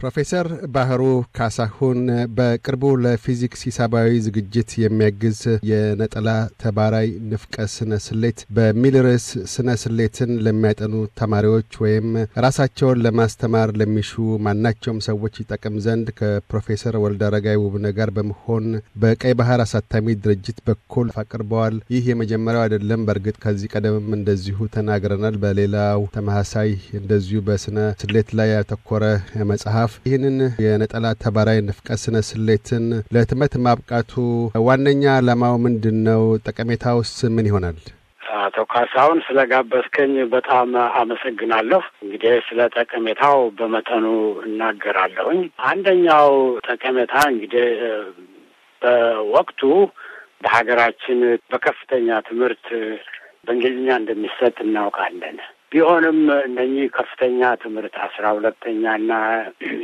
ፕሮፌሰር ባህሩ ካሳሁን በቅርቡ ለፊዚክስ ሂሳባዊ ዝግጅት የሚያግዝ የነጠላ ተባራይ ንፍቀ ስነ ስሌት በሚል ርዕስ ስነ ስሌትን ለሚያጠኑ ተማሪዎች ወይም ራሳቸውን ለማስተማር ለሚሹ ማናቸውም ሰዎች ይጠቅም ዘንድ ከፕሮፌሰር አረጋይ ውብነ ጋር በመሆን በቀይ ባህር አሳታሚ ድርጅት በኩል አቅርበዋል። ይህ የመጀመሪያው አይደለም። በእርግጥ ከዚህ ቀደምም እንደዚሁ ተናግረናል። በሌላው ተመሳሳይ እንደዚሁ በስነ ስሌት ላይ ያተኮረ መጽሐፍ ድጋፍ ይህንን የነጠላ ተባራይ ንፍቀ ስነ ስሌትን ለህትመት ማብቃቱ ዋነኛ ዓላማው ምንድን ነው? ጠቀሜታውስ ምን ይሆናል? አቶ ካሳሁን ስለ ጋበዝከኝ በጣም አመሰግናለሁ። እንግዲህ ስለ ጠቀሜታው በመጠኑ እናገራለሁኝ። አንደኛው ጠቀሜታ እንግዲህ በወቅቱ በሀገራችን በከፍተኛ ትምህርት በእንግሊዝኛ እንደሚሰጥ እናውቃለን። ቢሆንም እነኚህ ከፍተኛ ትምህርት አስራ ሁለተኛና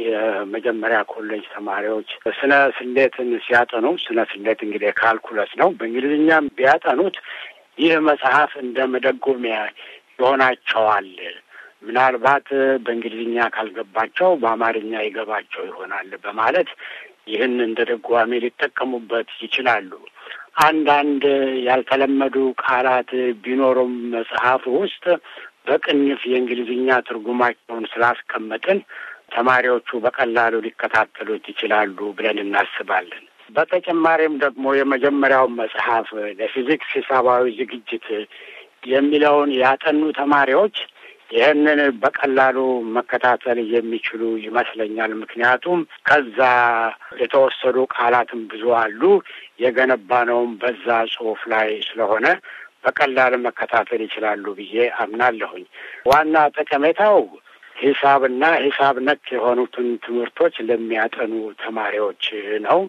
የመጀመሪያ ኮሌጅ ተማሪዎች ስነ ስሌትን ሲያጠኑ ስነ ስሌት እንግዲህ ካልኩለስ ነው በእንግሊዝኛም ቢያጠኑት ይህ መጽሐፍ እንደ መደጎሚያ ይሆናቸዋል። ምናልባት በእንግሊዝኛ ካልገባቸው በአማርኛ ይገባቸው ይሆናል በማለት ይህን እንደ ደጓሜ ሊጠቀሙበት ይችላሉ። አንዳንድ ያልተለመዱ ቃላት ቢኖሩም መጽሐፍ ውስጥ በቅንፍ የእንግሊዝኛ ትርጉማቸውን ስላስቀመጥን ተማሪዎቹ በቀላሉ ሊከታተሉት ይችላሉ ብለን እናስባለን። በተጨማሪም ደግሞ የመጀመሪያውን መጽሐፍ ለፊዚክስ ሂሳባዊ ዝግጅት የሚለውን ያጠኑ ተማሪዎች ይህንን በቀላሉ መከታተል የሚችሉ ይመስለኛል። ምክንያቱም ከዛ የተወሰዱ ቃላትም ብዙ አሉ። የገነባነውም በዛ ጽሑፍ ላይ ስለሆነ በቀላል መከታተል ይችላሉ ብዬ አምናለሁኝ። ዋና ጠቀሜታው ሂሳብና ሂሳብ ነክ የሆኑትን ትምህርቶች ለሚያጠኑ ተማሪዎች ነው።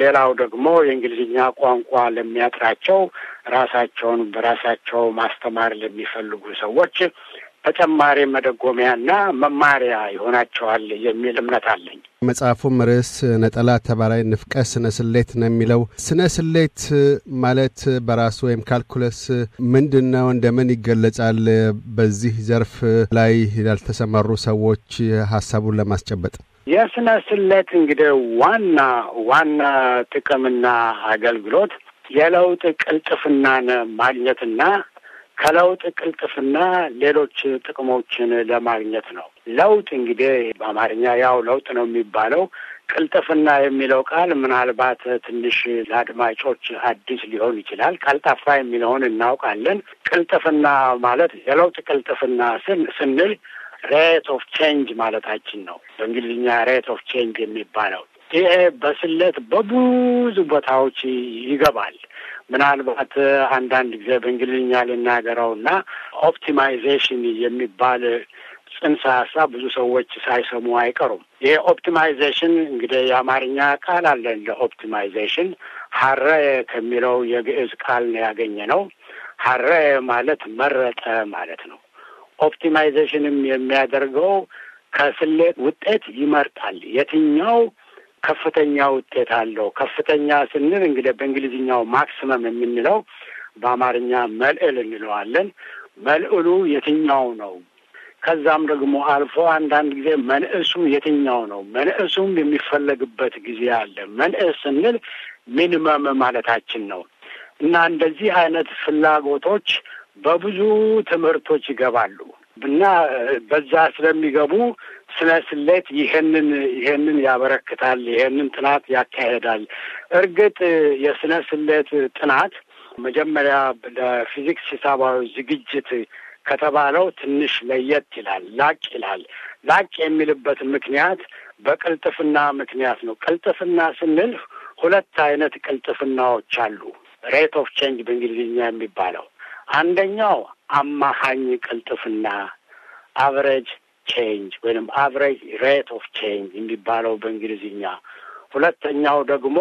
ሌላው ደግሞ የእንግሊዝኛ ቋንቋ ለሚያጥራቸው ራሳቸውን በራሳቸው ማስተማር ለሚፈልጉ ሰዎች ተጨማሪ መደጎሚያና መማሪያ ይሆናቸዋል የሚል እምነት አለኝ። መጽሐፉም ርዕስ ነጠላ ተባራይ ንፍቀ ስነ ስሌት ነው የሚለው። ስነ ስሌት ማለት በራሱ ወይም ካልኩለስ ምንድን ነው? እንደምን ይገለጻል? በዚህ ዘርፍ ላይ ያልተሰማሩ ሰዎች ሀሳቡን ለማስጨበጥ የስነ ስሌት እንግዲህ ዋና ዋና ጥቅምና አገልግሎት የለውጥ ቅልጥፍናን ማግኘትና ከለውጥ ቅልጥፍና ሌሎች ጥቅሞችን ለማግኘት ነው። ለውጥ እንግዲህ በአማርኛ ያው ለውጥ ነው የሚባለው። ቅልጥፍና የሚለው ቃል ምናልባት ትንሽ ለአድማጮች አዲስ ሊሆን ይችላል። ቀልጣፋ የሚለውን እናውቃለን። ቅልጥፍና ማለት የለውጥ ቅልጥፍና ስንል ሬት ኦፍ ቼንጅ ማለታችን ነው። በእንግሊዝኛ ሬት ኦፍ ቼንጅ የሚባለው ይሄ በስለት በብዙ ቦታዎች ይገባል። ምናልባት አንዳንድ ጊዜ በእንግሊዝኛ ልናገረውና ኦፕቲማይዜሽን የሚባል ጽንሰ ሀሳብ ብዙ ሰዎች ሳይሰሙ አይቀሩም። ይሄ ኦፕቲማይዜሽን እንግዲህ የአማርኛ ቃል እንደ ኦፕቲማይዜሽን ሀረ ከሚለው የግዕዝ ቃል ነው ያገኘ ነው። ሀረ ማለት መረጠ ማለት ነው። ኦፕቲማይዜሽንም የሚያደርገው ከስሌት ውጤት ይመርጣል። የትኛው ከፍተኛ ውጤት አለው። ከፍተኛ ስንል እንግዲህ በእንግሊዝኛው ማክሲመም የምንለው በአማርኛ መልዕል እንለዋለን። መልዕሉ የትኛው ነው? ከዛም ደግሞ አልፎ አንዳንድ ጊዜ መንእሱ የትኛው ነው? መንእሱም የሚፈለግበት ጊዜ አለ። መንእስ ስንል ሚኒመም ማለታችን ነው። እና እንደዚህ አይነት ፍላጎቶች በብዙ ትምህርቶች ይገባሉ እና በዛ ስለሚገቡ ስነ ስሌት ይህንን ይህንን ያበረክታል፣ ይህንን ጥናት ያካሄዳል። እርግጥ የስነ ስሌት ጥናት መጀመሪያ ለፊዚክስ ሂሳባዊ ዝግጅት ከተባለው ትንሽ ለየት ይላል፣ ላቅ ይላል። ላቅ የሚልበት ምክንያት በቅልጥፍና ምክንያት ነው። ቅልጥፍና ስንል ሁለት አይነት ቅልጥፍናዎች አሉ። ሬት ኦፍ ቼንጅ በእንግሊዝኛ የሚባለው አንደኛው አማካኝ ቅልጥፍና አቨሬጅ ቼንጅ ወይም አቨሬጅ ሬት ኦፍ ቼንጅ የሚባለው በእንግሊዝኛ፣ ሁለተኛው ደግሞ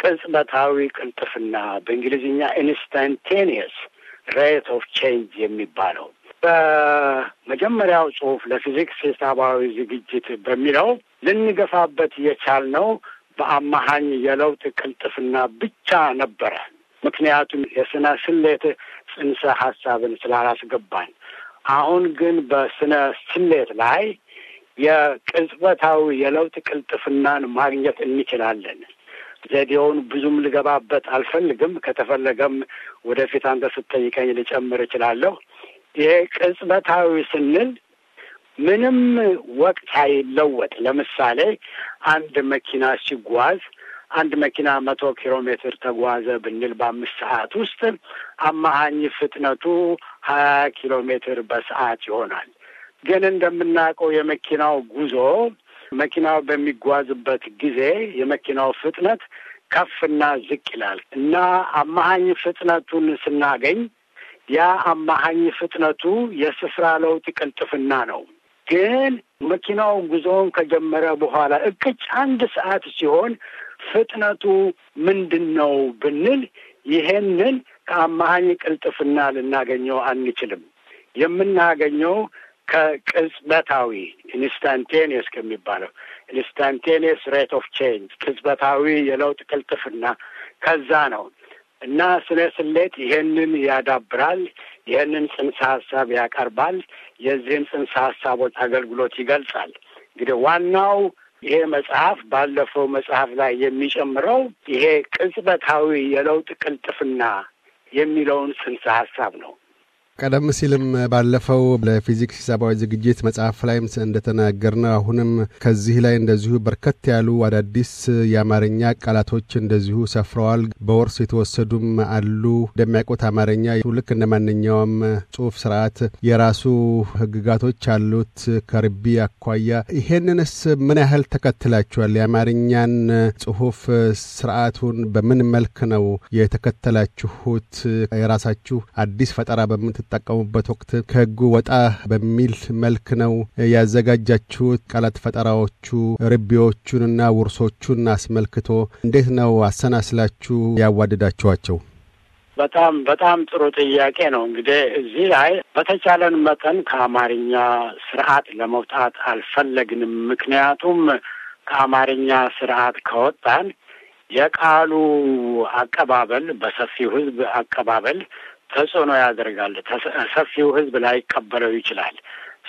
ቅጽበታዊ ቅልጥፍና በእንግሊዝኛ ኢንስታንቴኒየስ ሬት ኦፍ ቼንጅ የሚባለው በመጀመሪያው ጽሑፍ ለፊዚክስ ሂሳባዊ ዝግጅት በሚለው ልንገፋበት የቻልነው በአማሃኝ የለውጥ ቅልጥፍና ብቻ ነበረ። ምክንያቱም የስነ ስሌት ጽንሰ ሀሳብን ስላላስገባን አሁን ግን በስነ ስሌት ላይ የቅጽበታዊ የለውጥ ቅልጥፍናን ማግኘት እንችላለን። ዘዴውን ብዙም ልገባበት አልፈልግም። ከተፈለገም ወደፊት አንተ ስትጠይቀኝ ልጨምር እችላለሁ። ይሄ ቅጽበታዊ ስንል ምንም ወቅት አይለወጥ ለምሳሌ አንድ መኪና ሲጓዝ አንድ መኪና መቶ ኪሎ ሜትር ተጓዘ ብንል በአምስት ሰዓት ውስጥ አማሃኝ ፍጥነቱ ሀያ ኪሎ ሜትር በሰዓት ይሆናል። ግን እንደምናውቀው የመኪናው ጉዞ መኪናው በሚጓዝበት ጊዜ የመኪናው ፍጥነት ከፍና ዝቅ ይላል እና አማሃኝ ፍጥነቱን ስናገኝ ያ አማሃኝ ፍጥነቱ የስፍራ ለውጥ ቅልጥፍና ነው። ግን መኪናው ጉዞውን ከጀመረ በኋላ እቅጭ አንድ ሰዓት ሲሆን ፍጥነቱ ምንድን ነው ብንል ይሄንን ከአማሃኝ ቅልጥፍና ልናገኘው አንችልም። የምናገኘው ከቅጽበታዊ ኢንስታንቴኒየስ ከሚባለው ኢንስታንቴኒየስ ሬት ኦፍ ቼንጅ ቅጽበታዊ የለውጥ ቅልጥፍና ከዛ ነው እና ስነ ስሌት ይሄንን ያዳብራል። ይህንን ጽንሰ ሀሳብ ያቀርባል። የዚህን ጽንሰ ሀሳቦች አገልግሎት ይገልጻል። እንግዲህ ዋናው ይሄ መጽሐፍ ባለፈው መጽሐፍ ላይ የሚጨምረው ይሄ ቅጽበታዊ የለውጥ ቅልጥፍና የሚለውን ስንሰ ሀሳብ ነው። ቀደም ሲልም ባለፈው ለፊዚክስ ሂሳባዊ ዝግጅት መጽሐፍ ላይም እንደተናገርነው አሁንም ከዚህ ላይ እንደዚሁ በርከት ያሉ አዳዲስ የአማርኛ ቃላቶች እንደዚሁ ሰፍረዋል። በወርስ የተወሰዱም አሉ። እንደሚያውቁት አማርኛ ልክ እንደ ማንኛውም ጽሁፍ ስርዓት የራሱ ህግጋቶች አሉት። ከርቢ አኳያ ይሄንንስ ምን ያህል ተከትላችኋል? የአማርኛን ጽሁፍ ስርዓቱን በምን መልክ ነው የተከተላችሁት? የራሳችሁ አዲስ ፈጠራ በምን በምትጠቀሙበት ወቅት ከህጉ ወጣ በሚል መልክ ነው ያዘጋጃችሁት? ቃላት ፈጠራዎቹ ርቢዎቹንና ውርሶቹን አስመልክቶ እንዴት ነው አሰናስላችሁ ያዋደዳችኋቸው? በጣም በጣም ጥሩ ጥያቄ ነው። እንግዲህ እዚህ ላይ በተቻለን መጠን ከአማርኛ ስርዓት ለመውጣት አልፈለግንም። ምክንያቱም ከአማርኛ ስርዓት ከወጣን የቃሉ አቀባበል በሰፊው ህዝብ አቀባበል ተጽዕኖ ያደርጋል። ሰፊው ህዝብ ላይቀበለው ይችላል።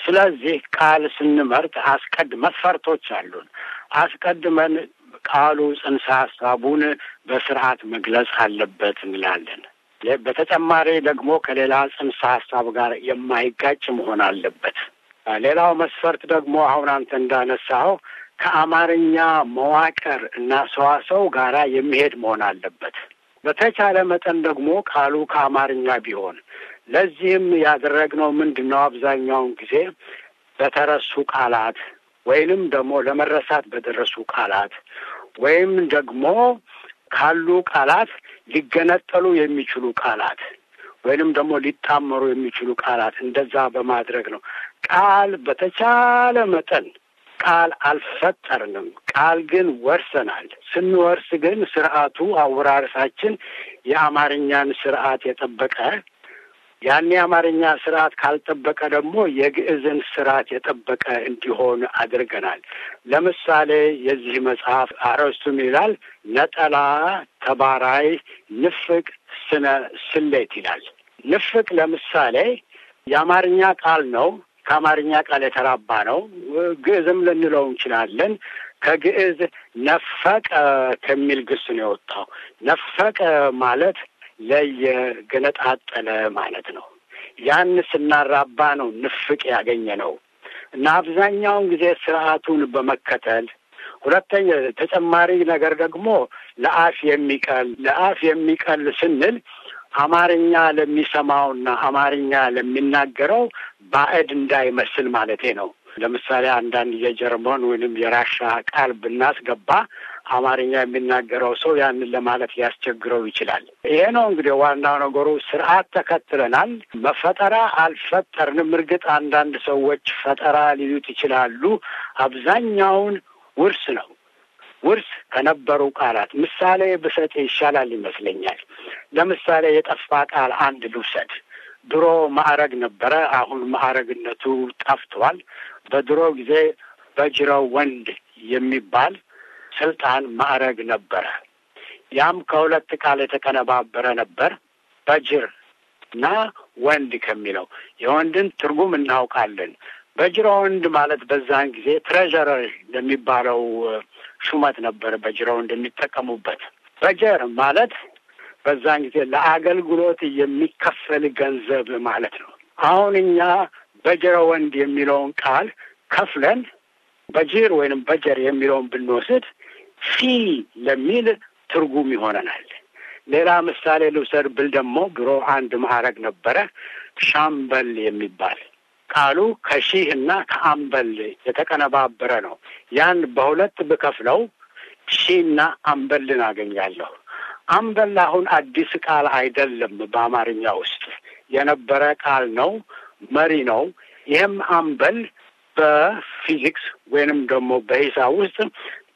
ስለዚህ ቃል ስንመርጥ አስቀድ መስፈርቶች አሉን። አስቀድመን ቃሉ ጽንሰ ሀሳቡን በስርዓት መግለጽ አለበት እንላለን። በተጨማሪ ደግሞ ከሌላ ጽንሰ ሀሳብ ጋር የማይጋጭ መሆን አለበት። ሌላው መስፈርት ደግሞ አሁን አንተ እንዳነሳኸው ከአማርኛ መዋቅር እና ሰዋሰው ጋራ የሚሄድ መሆን አለበት። በተቻለ መጠን ደግሞ ቃሉ ከአማርኛ ቢሆን ለዚህም ያደረግነው ምንድን ነው? አብዛኛውን ጊዜ በተረሱ ቃላት ወይንም ደግሞ ለመረሳት በደረሱ ቃላት ወይም ደግሞ ካሉ ቃላት ሊገነጠሉ የሚችሉ ቃላት ወይንም ደግሞ ሊጣመሩ የሚችሉ ቃላት እንደዛ በማድረግ ነው። ቃል በተቻለ መጠን ቃል አልፈጠርንም። ቃል ግን ወርሰናል። ስንወርስ ግን ስርዓቱ አወራረሳችን የአማርኛን ስርዓት የጠበቀ ያን የአማርኛ ስርዓት ካልጠበቀ ደግሞ የግዕዝን ስርዓት የጠበቀ እንዲሆን አድርገናል። ለምሳሌ የዚህ መጽሐፍ አረስቱም ይላል ነጠላ፣ ተባራይ፣ ንፍቅ፣ ስነ ስሌት ይላል። ንፍቅ ለምሳሌ የአማርኛ ቃል ነው። ከአማርኛ ቃል የተራባ ነው። ግዕዝም ልንለው እንችላለን። ከግዕዝ ነፈቀ ከሚል ግስ ነው የወጣው። ነፈቀ ማለት ለየ ገነጣጠለ ማለት ነው። ያን ስናራባ ነው ንፍቅ ያገኘ ነው እና አብዛኛውን ጊዜ ስርዓቱን በመከተል ሁለተኛ ተጨማሪ ነገር ደግሞ ለአፍ የሚቀል ለአፍ የሚቀል ስንል አማርኛ ለሚሰማውና አማርኛ ለሚናገረው ባዕድ እንዳይመስል ማለቴ ነው። ለምሳሌ አንዳንድ የጀርመን ወይንም የራሻ ቃል ብናስገባ አማርኛ የሚናገረው ሰው ያንን ለማለት ሊያስቸግረው ይችላል። ይሄ ነው እንግዲህ ዋናው ነገሩ። ስርዓት ተከትለናል። መፈጠራ አልፈጠርንም። እርግጥ አንዳንድ ሰዎች ፈጠራ ሊሉት ይችላሉ። አብዛኛውን ውርስ ነው ውርስ ከነበሩ ቃላት ምሳሌ ብሰጥ ይሻላል ይመስለኛል። ለምሳሌ የጠፋ ቃል አንድ ልውሰድ። ድሮ ማዕረግ ነበረ፣ አሁን ማዕረግነቱ ጠፍቷል። በድሮ ጊዜ በጅረው ወንድ የሚባል ስልጣን ማዕረግ ነበረ። ያም ከሁለት ቃል የተቀነባበረ ነበር በጅር እና ወንድ ከሚለው የወንድን ትርጉም እናውቃለን። በጅረ ወንድ ማለት በዛን ጊዜ ትሬዠረር የሚባለው። ሹመት ነበር በጅራው እንደሚጠቀሙበት። በጀር ማለት በዛን ጊዜ ለአገልግሎት የሚከፈል ገንዘብ ማለት ነው። አሁን እኛ በጀረ ወንድ የሚለውን ቃል ከፍለን በጅር ወይንም በጀር የሚለውን ብንወስድ ፊ ለሚል ትርጉም ይሆነናል። ሌላ ምሳሌ ልውሰድ ብል ደግሞ ድሮ አንድ ማዕረግ ነበረ ሻምበል የሚባል ቃሉ ከሺህ እና ከአምበል የተቀነባበረ ነው። ያን በሁለት ብከፍለው ሺህና አንበልን አገኛለሁ። አምበል አሁን አዲስ ቃል አይደለም። በአማርኛ ውስጥ የነበረ ቃል ነው፣ መሪ ነው። ይህም አምበል በፊዚክስ ወይንም ደግሞ በሂሳብ ውስጥ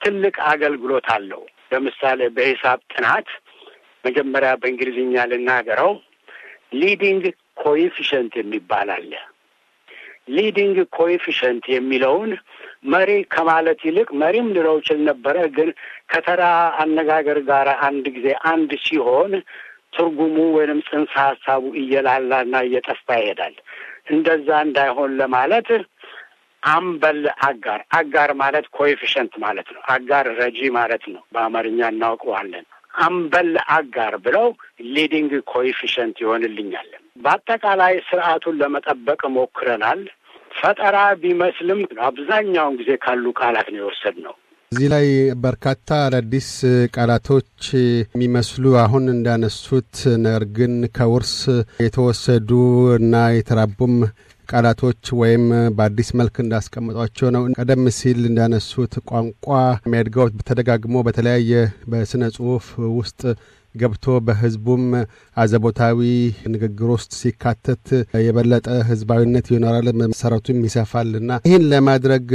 ትልቅ አገልግሎት አለው። ለምሳሌ በሂሳብ ጥናት መጀመሪያ በእንግሊዝኛ ልናገረው ሊዲንግ ኮኤፊሽንት የሚባል አለ። ሊዲንግ ኮኤፊሽንት የሚለውን መሪ ከማለት ይልቅ መሪም ልለው ችል ነበረ፣ ግን ከተራ አነጋገር ጋር አንድ ጊዜ አንድ ሲሆን ትርጉሙ ወይንም ጽንሰ ሀሳቡ እየላላና እየጠፋ ይሄዳል። እንደዛ እንዳይሆን ለማለት አምበል አጋር አጋር ማለት ኮኤፊሽንት ማለት ነው። አጋር ረጂ ማለት ነው። በአማርኛ እናውቀዋለን። አምበል አጋር ብለው ሊዲንግ ኮኤፊሽንት ይሆንልኛል። በአጠቃላይ ስርዓቱን ለመጠበቅ ሞክረናል። ፈጠራ ቢመስልም አብዛኛውን ጊዜ ካሉ ቃላት ነው የወሰድነው። እዚህ ላይ በርካታ አዳዲስ ቃላቶች የሚመስሉ አሁን እንዳነሱት ነገር ግን ከውርስ የተወሰዱ እና የተራቡም ቃላቶች ወይም በአዲስ መልክ እንዳስቀምጧቸው ነው። ቀደም ሲል እንዳነሱት ቋንቋ የሚያድገው ተደጋግሞ በተለያየ በስነ ጽሁፍ ውስጥ ገብቶ በህዝቡም አዘቦታዊ ንግግር ውስጥ ሲካተት የበለጠ ህዝባዊነት ይኖራል፣ መሰረቱም ይሰፋል እና ይህን ለማድረግ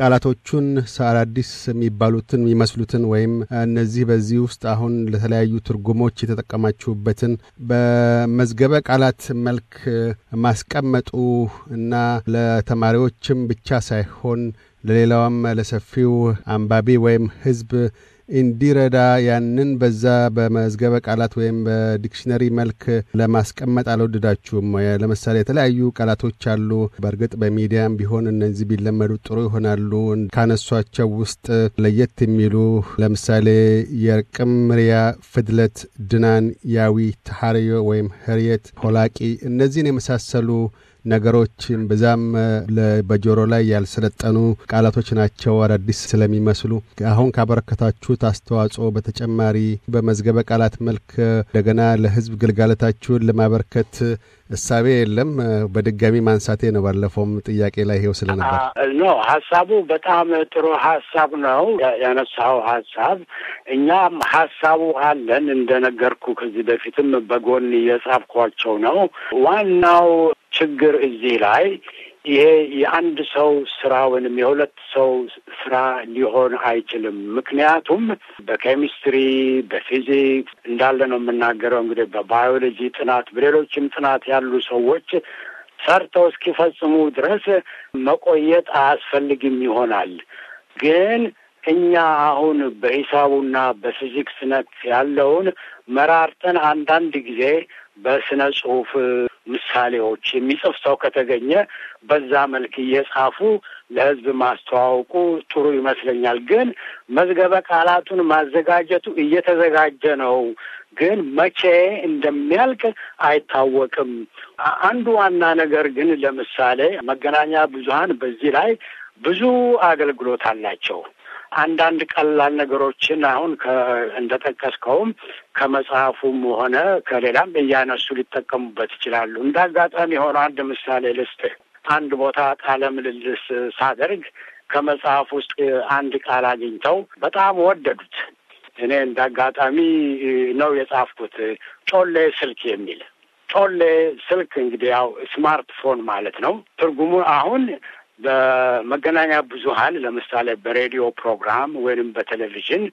ቃላቶቹን አዳዲስ የሚባሉትን የሚመስሉትን ወይም እነዚህ በዚህ ውስጥ አሁን ለተለያዩ ትርጉሞች የተጠቀማችሁበትን በመዝገበ ቃላት መልክ ማስቀመጡ እና ለተማሪዎችም ብቻ ሳይሆን ለሌላውም ለሰፊው አንባቢ ወይም ህዝብ እንዲረዳ ያንን በዛ በመዝገበ ቃላት ወይም በዲክሽነሪ መልክ ለማስቀመጥ አልወደዳችሁም? ለምሳሌ የተለያዩ ቃላቶች አሉ። በእርግጥ በሚዲያም ቢሆን እነዚህ ቢለመዱ ጥሩ ይሆናሉ። ካነሷቸው ውስጥ ለየት የሚሉ ለምሳሌ የርቅም ምሪያ፣ ፍድለት፣ ድናን፣ ያዊ፣ ተሐርዮ ወይም ህርየት፣ ሆላቂ እነዚህን የመሳሰሉ ነገሮችን ብዛም በጆሮ ላይ ያልሰለጠኑ ቃላቶች ናቸው አዳዲስ ስለሚመስሉ። አሁን ካበረከታችሁት አስተዋጽኦ በተጨማሪ በመዝገበ ቃላት መልክ እንደገና ለህዝብ ግልጋሎታችሁን ለማበርከት እሳቤ የለም? በድጋሚ ማንሳቴ ነው። ባለፈውም ጥያቄ ላይ ይሄው ስለነበር ኖ ሀሳቡ በጣም ጥሩ ሀሳብ ነው ያነሳው ሀሳብ። እኛም ሀሳቡ አለን እንደነገርኩ ከዚህ በፊትም በጎን እየጻፍኳቸው ነው ዋናው ችግር እዚህ ላይ ይሄ የአንድ ሰው ስራ ወይንም የሁለት ሰው ስራ ሊሆን አይችልም። ምክንያቱም በኬሚስትሪ በፊዚክስ እንዳለ ነው የምናገረው። እንግዲህ በባዮሎጂ ጥናት፣ በሌሎችም ጥናት ያሉ ሰዎች ሰርተው እስኪፈጽሙ ድረስ መቆየት አያስፈልግም ይሆናል። ግን እኛ አሁን በሂሳቡና በፊዚክስ ነት ያለውን መራርተን አንዳንድ ጊዜ በስነ ጽሁፍ ምሳሌዎች የሚጽፍ ሰው ከተገኘ በዛ መልክ እየጻፉ ለህዝብ ማስተዋወቁ ጥሩ ይመስለኛል። ግን መዝገበ ቃላቱን ማዘጋጀቱ እየተዘጋጀ ነው፣ ግን መቼ እንደሚያልቅ አይታወቅም። አንዱ ዋና ነገር ግን ለምሳሌ መገናኛ ብዙሃን በዚህ ላይ ብዙ አገልግሎት አላቸው። አንዳንድ ቀላል ነገሮችን አሁን እንደጠቀስከውም ከመጽሐፉም ሆነ ከሌላም እያነሱ ሊጠቀሙበት ይችላሉ። እንደ አጋጣሚ የሆነ አንድ ምሳሌ ልስጥህ። አንድ ቦታ ቃለ ምልልስ ሳደርግ ከመጽሐፍ ውስጥ አንድ ቃል አግኝተው በጣም ወደዱት። እኔ እንደ አጋጣሚ ነው የጻፍኩት፣ ጮሌ ስልክ የሚል ጮሌ ስልክ እንግዲህ ያው ስማርትፎን ማለት ነው። ትርጉሙ አሁን በመገናኛ ብዙሃን ለምሳሌ በሬዲዮ ፕሮግራም ወይንም በቴሌቪዥን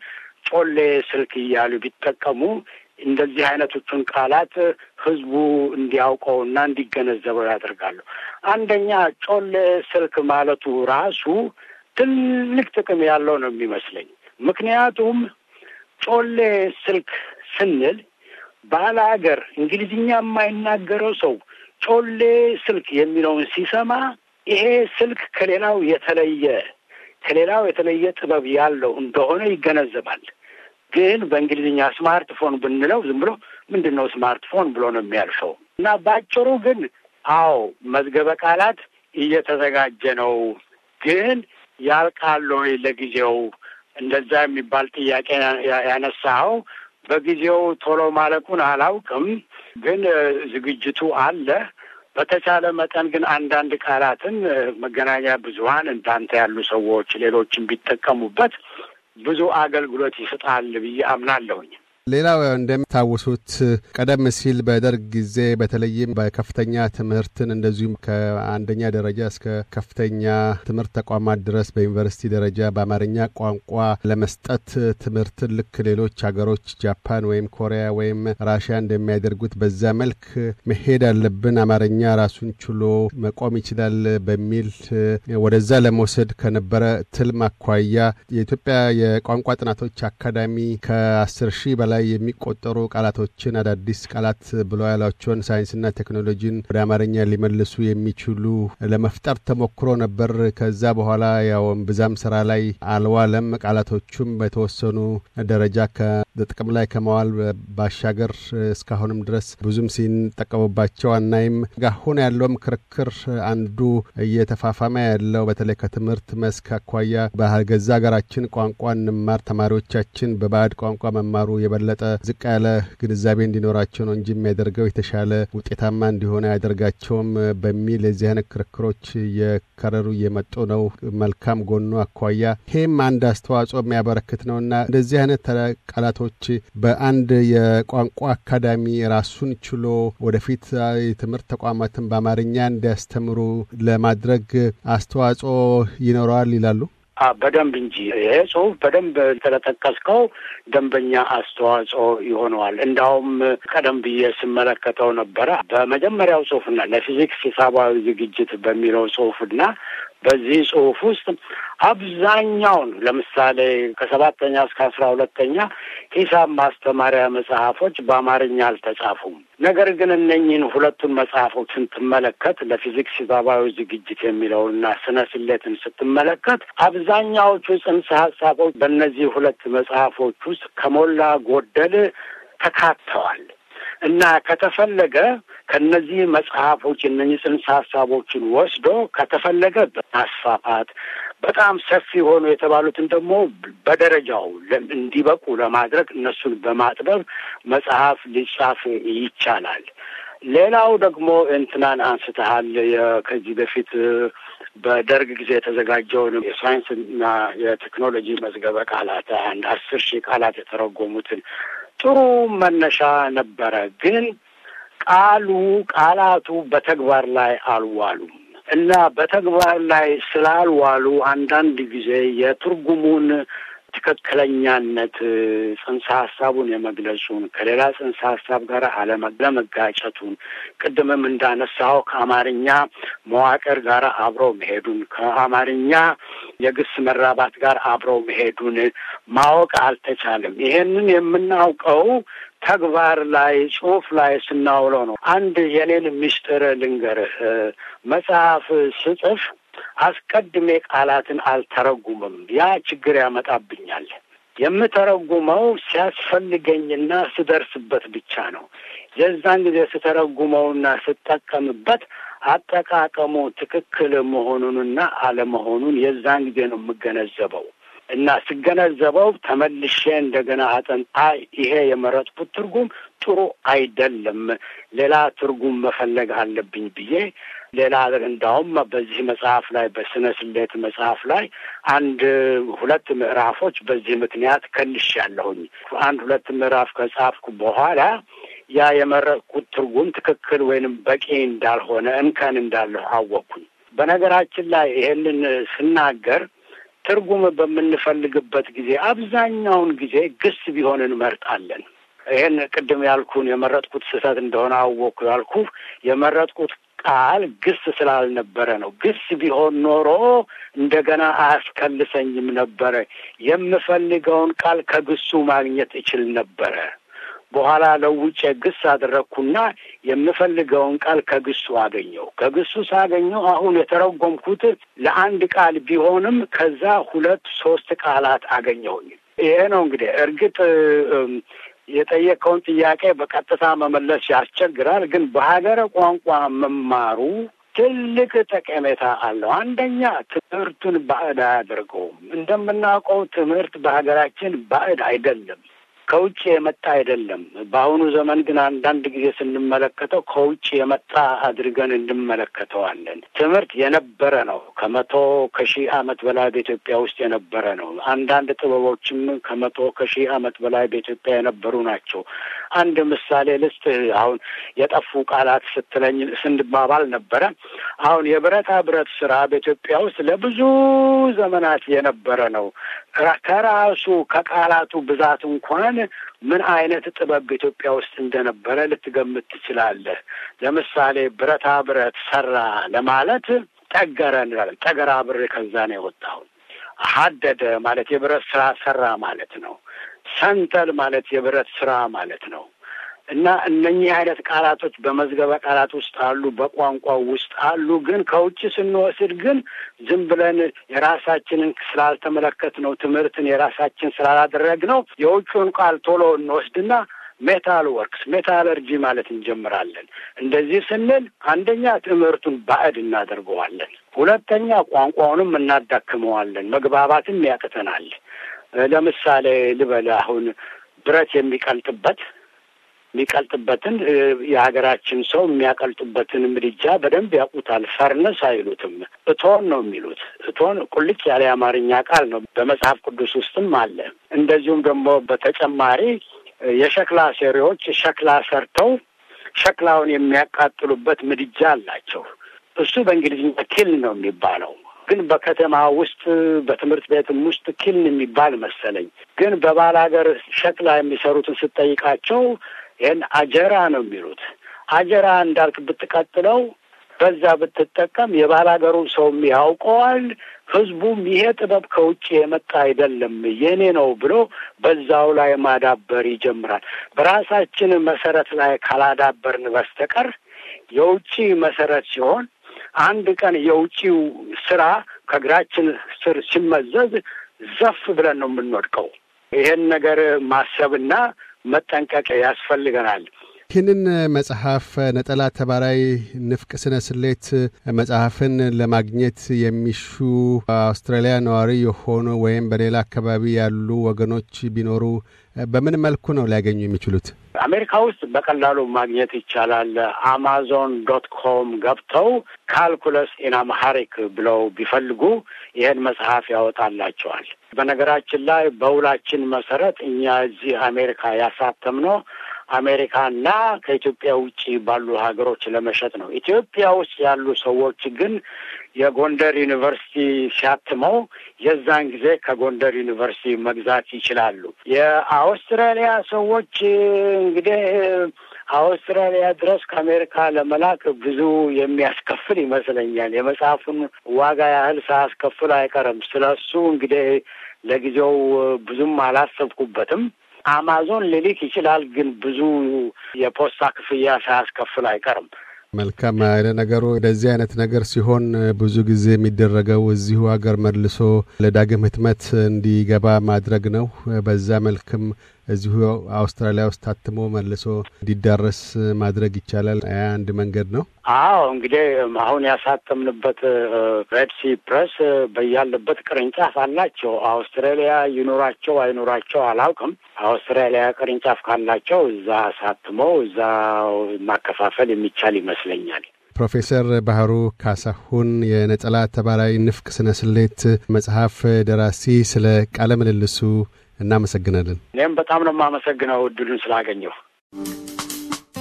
ጮሌ ስልክ እያሉ ቢጠቀሙ እንደዚህ አይነቶቹን ቃላት ህዝቡ እንዲያውቀውና እንዲገነዘበው ያደርጋሉ። አንደኛ ጮሌ ስልክ ማለቱ ራሱ ትልቅ ጥቅም ያለው ነው የሚመስለኝ። ምክንያቱም ጮሌ ስልክ ስንል ባለ ሀገር እንግሊዝኛ የማይናገረው ሰው ጮሌ ስልክ የሚለውን ሲሰማ ይሄ ስልክ ከሌላው የተለየ ከሌላው የተለየ ጥበብ ያለው እንደሆነ ይገነዘባል። ግን በእንግሊዝኛ ስማርትፎን ብንለው ዝም ብሎ ምንድን ነው ስማርትፎን ብሎ ነው የሚያልፈው እና በአጭሩ ግን አዎ መዝገበ ቃላት እየተዘጋጀ ነው። ግን ያልቃል ወይ ለጊዜው እንደዛ የሚባል ጥያቄ ያነሳው በጊዜው ቶሎ ማለቁን አላውቅም። ግን ዝግጅቱ አለ። በተቻለ መጠን ግን አንዳንድ ቃላትን መገናኛ ብዙኃን እንዳንተ ያሉ ሰዎች ሌሎችን ቢጠቀሙበት ብዙ አገልግሎት ይሰጣል ብዬ አምናለሁኝ። ሌላው እንደሚታወሱት ቀደም ሲል በደርግ ጊዜ በተለይም በከፍተኛ ትምህርትን እንደዚሁም ከአንደኛ ደረጃ እስከ ከፍተኛ ትምህርት ተቋማት ድረስ በዩኒቨርሲቲ ደረጃ በአማርኛ ቋንቋ ለመስጠት ትምህርትን ልክ ሌሎች ሀገሮች ጃፓን ወይም ኮሪያ ወይም ራሽያ እንደሚያደርጉት በዛ መልክ መሄድ አለብን፣ አማርኛ ራሱን ችሎ መቆም ይችላል በሚል ወደዛ ለመውሰድ ከነበረ ትልም አኳያ የኢትዮጵያ የቋንቋ ጥናቶች አካዳሚ ከአስር ሺህ በላይ በላይ የሚቆጠሩ ቃላቶችን አዳዲስ ቃላት ብለው ያሏቸውን ሳይንስና ቴክኖሎጂን ወደ አማርኛ ሊመልሱ የሚችሉ ለመፍጠር ተሞክሮ ነበር። ከዛ በኋላ ያውም ብዛም ስራ ላይ አልዋለም። ቃላቶቹም በተወሰኑ ደረጃ ከጥቅም ላይ ከመዋል ባሻገር እስካሁንም ድረስ ብዙም ሲንጠቀሙባቸው አናይም። አሁን ያለውም ክርክር አንዱ እየተፋፋመ ያለው በተለይ ከትምህርት መስክ አኳያ በገዛ ሀገራችን ቋንቋ እንማር ተማሪዎቻችን በባዕድ ቋንቋ መማሩ የበ የበለጠ ዝቅ ያለ ግንዛቤ እንዲኖራቸው ነው እንጂ የሚያደርገው የተሻለ ውጤታማ እንዲሆነ ያደርጋቸውም በሚል የዚህ አይነት ክርክሮች እየከረሩ እየመጡ ነው። መልካም ጎኑ አኳያ ይህም አንድ አስተዋጽኦ የሚያበረክት ነው እና እንደዚህ አይነት ቃላቶች በአንድ የቋንቋ አካዳሚ ራሱን ችሎ ወደፊት የትምህርት ተቋማትን በአማርኛ እንዲያስተምሩ ለማድረግ አስተዋጽኦ ይኖረዋል ይላሉ። በደንብ እንጂ ይሄ ጽሁፍ በደንብ ስለጠቀስከው ደንበኛ አስተዋጽኦ ይሆነዋል። እንዳውም ቀደም ብዬ ስመለከተው ነበረ በመጀመሪያው ጽሁፍና ለፊዚክስ ሂሳባዊ ዝግጅት በሚለው ጽሁፍና በዚህ ጽሁፍ ውስጥ አብዛኛውን ለምሳሌ ከሰባተኛ እስከ አስራ ሁለተኛ ሂሳብ ማስተማሪያ መጽሐፎች በአማርኛ አልተጻፉም። ነገር ግን እነኝህን ሁለቱን መጽሐፎች ስንትመለከት ለፊዚክስ ሂሳባዊ ዝግጅት የሚለውና ስነ ስሌትን ስትመለከት አብዛኛዎቹ ጽንሰ ሀሳቦች በእነዚህ ሁለት መጽሐፎች ውስጥ ከሞላ ጎደል ተካተዋል። እና ከተፈለገ ከነዚህ መጽሐፎች እነኚህ ጽንሰ ሀሳቦችን ወስዶ ከተፈለገ በማስፋፋት በጣም ሰፊ ሆኖ የተባሉትን ደግሞ በደረጃው እንዲበቁ ለማድረግ እነሱን በማጥበብ መጽሐፍ ሊጻፍ ይቻላል። ሌላው ደግሞ እንትናን አንስተሃል። ከዚህ በፊት በደርግ ጊዜ የተዘጋጀውን የሳይንስና የቴክኖሎጂ መዝገበ ቃላት አንድ አስር ሺህ ቃላት የተረጎሙትን ጥሩ መነሻ ነበረ። ግን ቃሉ ቃላቱ በተግባር ላይ አልዋሉም እና በተግባር ላይ ስላልዋሉ አንዳንድ ጊዜ የትርጉሙን ትክክለኛነት ጽንሰ ሀሳቡን የመግለጹን ከሌላ ጽንሰ ሀሳብ ጋር አለመጋጨቱን ቅድምም እንዳነሳው ከአማርኛ መዋቅር ጋር አብሮ መሄዱን ከአማርኛ የግስ መራባት ጋር አብሮ መሄዱን ማወቅ አልተቻለም። ይሄንን የምናውቀው ተግባር ላይ ጽሁፍ ላይ ስናውለው ነው። አንድ የኔን ምስጢር ልንገርህ። መጽሐፍ ስጽፍ አስቀድሜ ቃላትን አልተረጉምም። ያ ችግር ያመጣብኛል። የምተረጉመው ሲያስፈልገኝና ስደርስበት ብቻ ነው። የዛን ጊዜ ስተረጉመውና ስጠቀምበት አጠቃቀሙ ትክክል መሆኑንና አለመሆኑን የዛን ጊዜ ነው የምገነዘበው እና ስገነዘበው ተመልሼ እንደገና አጠን አይ ይሄ የመረጥኩት ትርጉም ጥሩ አይደለም፣ ሌላ ትርጉም መፈለግ አለብኝ ብዬ ሌላ እንዳውም በዚህ መጽሐፍ ላይ በስነ ስሜት መጽሐፍ ላይ አንድ ሁለት ምዕራፎች በዚህ ምክንያት ከንሽ ያለሁኝ አንድ ሁለት ምዕራፍ ከጻፍኩ በኋላ ያ የመረጥኩት ትርጉም ትክክል ወይንም በቂ እንዳልሆነ እንከን እንዳለሁ አወቅኩኝ። በነገራችን ላይ ይሄንን ስናገር ትርጉም በምንፈልግበት ጊዜ አብዛኛውን ጊዜ ግስ ቢሆን እንመርጣለን። ይህን ቅድም ያልኩን የመረጥኩት ስህተት እንደሆነ አወቅኩ። ያልኩ የመረጥኩት ቃል ግስ ስላልነበረ ነው። ግስ ቢሆን ኖሮ እንደገና አያስከልሰኝም ነበረ። የምፈልገውን ቃል ከግሱ ማግኘት እችል ነበረ። በኋላ ለውጬ ግስ አደረግኩና የምፈልገውን ቃል ከግሱ አገኘው። ከግሱ ሳገኘው አሁን የተረጎምኩት ለአንድ ቃል ቢሆንም ከዛ ሁለት ሶስት ቃላት አገኘሁኝ። ይሄ ነው እንግዲህ እርግጥ የጠየቀውን ጥያቄ በቀጥታ መመለስ ያስቸግራል። ግን በሀገረ ቋንቋ መማሩ ትልቅ ጠቀሜታ አለው። አንደኛ ትምህርቱን ባዕድ አያደርገውም። እንደምናውቀው ትምህርት በሀገራችን ባዕድ አይደለም። ከውጭ የመጣ አይደለም። በአሁኑ ዘመን ግን አንዳንድ ጊዜ ስንመለከተው ከውጭ የመጣ አድርገን እንመለከተዋለን። ትምህርት የነበረ ነው። ከመቶ ከሺህ ዓመት በላይ በኢትዮጵያ ውስጥ የነበረ ነው። አንዳንድ ጥበቦችም ከመቶ ከሺህ ዓመት በላይ በኢትዮጵያ የነበሩ ናቸው። አንድ ምሳሌ ልስጥ። አሁን የጠፉ ቃላት ስትለኝ ስንባባል ነበረ። አሁን የብረታ ብረት ስራ በኢትዮጵያ ውስጥ ለብዙ ዘመናት የነበረ ነው። ከራሱ ከቃላቱ ብዛት እንኳን ምን አይነት ጥበብ በኢትዮጵያ ውስጥ እንደነበረ ልትገምት ትችላለህ። ለምሳሌ ብረታ ብረት ሰራ ለማለት ጠገረ እንላለን። ጠገራ ብር ከዛ ነው የወጣው። ሀደደ ማለት የብረት ስራ ሰራ ማለት ነው። ሰንተል ማለት የብረት ስራ ማለት ነው። እና እነኚህ አይነት ቃላቶች በመዝገበ ቃላት ውስጥ አሉ፣ በቋንቋው ውስጥ አሉ። ግን ከውጭ ስንወስድ ግን ዝም ብለን የራሳችንን ስላልተመለከት ነው ትምህርትን የራሳችን ስላላደረግ ነው የውጭውን ቃል ቶሎ እንወስድና ሜታል ወርክስ ሜታለርጂ ማለት እንጀምራለን። እንደዚህ ስንል አንደኛ ትምህርቱን ባዕድ እናደርገዋለን፣ ሁለተኛ ቋንቋውንም እናዳክመዋለን፣ መግባባትም ያቅተናል። ለምሳሌ ልበል አሁን ብረት የሚቀልጥበት የሚቀልጥበትን የሀገራችን ሰው የሚያቀልጡበትን ምድጃ በደንብ ያውቁታል። ፈርነስ አይሉትም፣ እቶን ነው የሚሉት። እቶን ቁልጭ ያለ የአማርኛ ቃል ነው፣ በመጽሐፍ ቅዱስ ውስጥም አለ። እንደዚሁም ደግሞ በተጨማሪ የሸክላ ሰሪዎች ሸክላ ሰርተው ሸክላውን የሚያቃጥሉበት ምድጃ አላቸው። እሱ በእንግሊዝኛ ኪል ነው የሚባለው። ግን በከተማ ውስጥ በትምህርት ቤትም ውስጥ ኪልን የሚባል መሰለኝ። ግን በባል ሀገር ሸክላ የሚሰሩትን ስጠይቃቸው ይህን አጀራ ነው የሚሉት። አጀራ እንዳልክ ብትቀጥለው በዛ ብትጠቀም የባል ሀገሩን ሰውም ያውቀዋል። ህዝቡም ይሄ ጥበብ ከውጭ የመጣ አይደለም የኔ ነው ብሎ በዛው ላይ ማዳበር ይጀምራል። በራሳችን መሰረት ላይ ካላዳበርን በስተቀር የውጭ መሰረት ሲሆን አንድ ቀን የውጪው ስራ ከእግራችን ስር ሲመዘዝ ዘፍ ብለን ነው የምንወድቀው። ይሄን ነገር ማሰብና መጠንቀቅ ያስፈልገናል። ይህንን መጽሐፍ ነጠላ ተባራይ ንፍቅ ስነ ስሌት መጽሐፍን ለማግኘት የሚሹ አውስትራሊያ ነዋሪ የሆኑ ወይም በሌላ አካባቢ ያሉ ወገኖች ቢኖሩ በምን መልኩ ነው ሊያገኙ የሚችሉት? አሜሪካ ውስጥ በቀላሉ ማግኘት ይቻላል። አማዞን ዶት ኮም ገብተው ካልኩለስ ኢን አምሃሪክ ብለው ቢፈልጉ ይህን መጽሐፍ ያወጣላቸዋል። በነገራችን ላይ በውላችን መሰረት እኛ እዚህ አሜሪካ ያሳተምነው አሜሪካና ከኢትዮጵያ ውጭ ባሉ ሀገሮች ለመሸጥ ነው። ኢትዮጵያ ውስጥ ያሉ ሰዎች ግን የጎንደር ዩኒቨርሲቲ ሲያትመው የዛን ጊዜ ከጎንደር ዩኒቨርሲቲ መግዛት ይችላሉ። የአውስትራሊያ ሰዎች እንግዲህ አውስትራሊያ ድረስ ከአሜሪካ ለመላክ ብዙ የሚያስከፍል ይመስለኛል። የመጽሐፉን ዋጋ ያህል ሳያስከፍል አይቀርም። ስለሱ እንግዲህ ለጊዜው ብዙም አላሰብኩበትም። አማዞን ሊልክ ይችላል፣ ግን ብዙ የፖስታ ክፍያ ሳያስከፍል አይቀርም። መልካም አይለ ነገሩ እንደዚህ አይነት ነገር ሲሆን ብዙ ጊዜ የሚደረገው እዚሁ ሀገር መልሶ ለዳግም ህትመት እንዲገባ ማድረግ ነው። በዛ መልክም እዚሁ አውስትራሊያ ውስጥ ታትሞ መልሶ እንዲዳረስ ማድረግ ይቻላል። አንድ መንገድ ነው። አዎ እንግዲህ አሁን ያሳተምንበት ሬድሲ ፕሬስ በያለበት ቅርንጫፍ አላቸው። አውስትራሊያ ይኑራቸው አይኑራቸው አላውቅም። አውስትራሊያ ቅርንጫፍ ካላቸው እዛ አሳትመው እዛ ማከፋፈል የሚቻል ይመስለኛል። ፕሮፌሰር ባህሩ ካሳሁን የነጠላ ተባራዊ ንፍቅ ስነ ስሌት መጽሐፍ ደራሲ፣ ስለ ቃለ ምልልሱ እናመሰግናለን። እኔም በጣም ነው የማመሰግነው እድሉን ስላገኘሁ።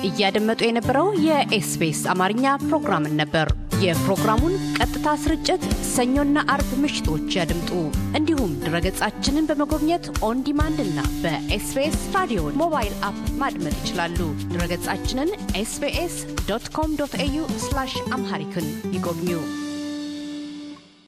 እያደመጡ የነበረው የኤስቢኤስ አማርኛ ፕሮግራምን ነበር። የፕሮግራሙን ቀጥታ ስርጭት ሰኞና አርብ ምሽቶች ያድምጡ። እንዲሁም ድረገጻችንን በመጎብኘት ኦን ዲማንድ እና በኤስቢኤስ ራዲዮ ሞባይል አፕ ማድመጥ ይችላሉ። ድረገጻችንን ኤስቢኤስ ዶት ኮም ዶት ኤዩ አምሃሪክን ይጎብኙ።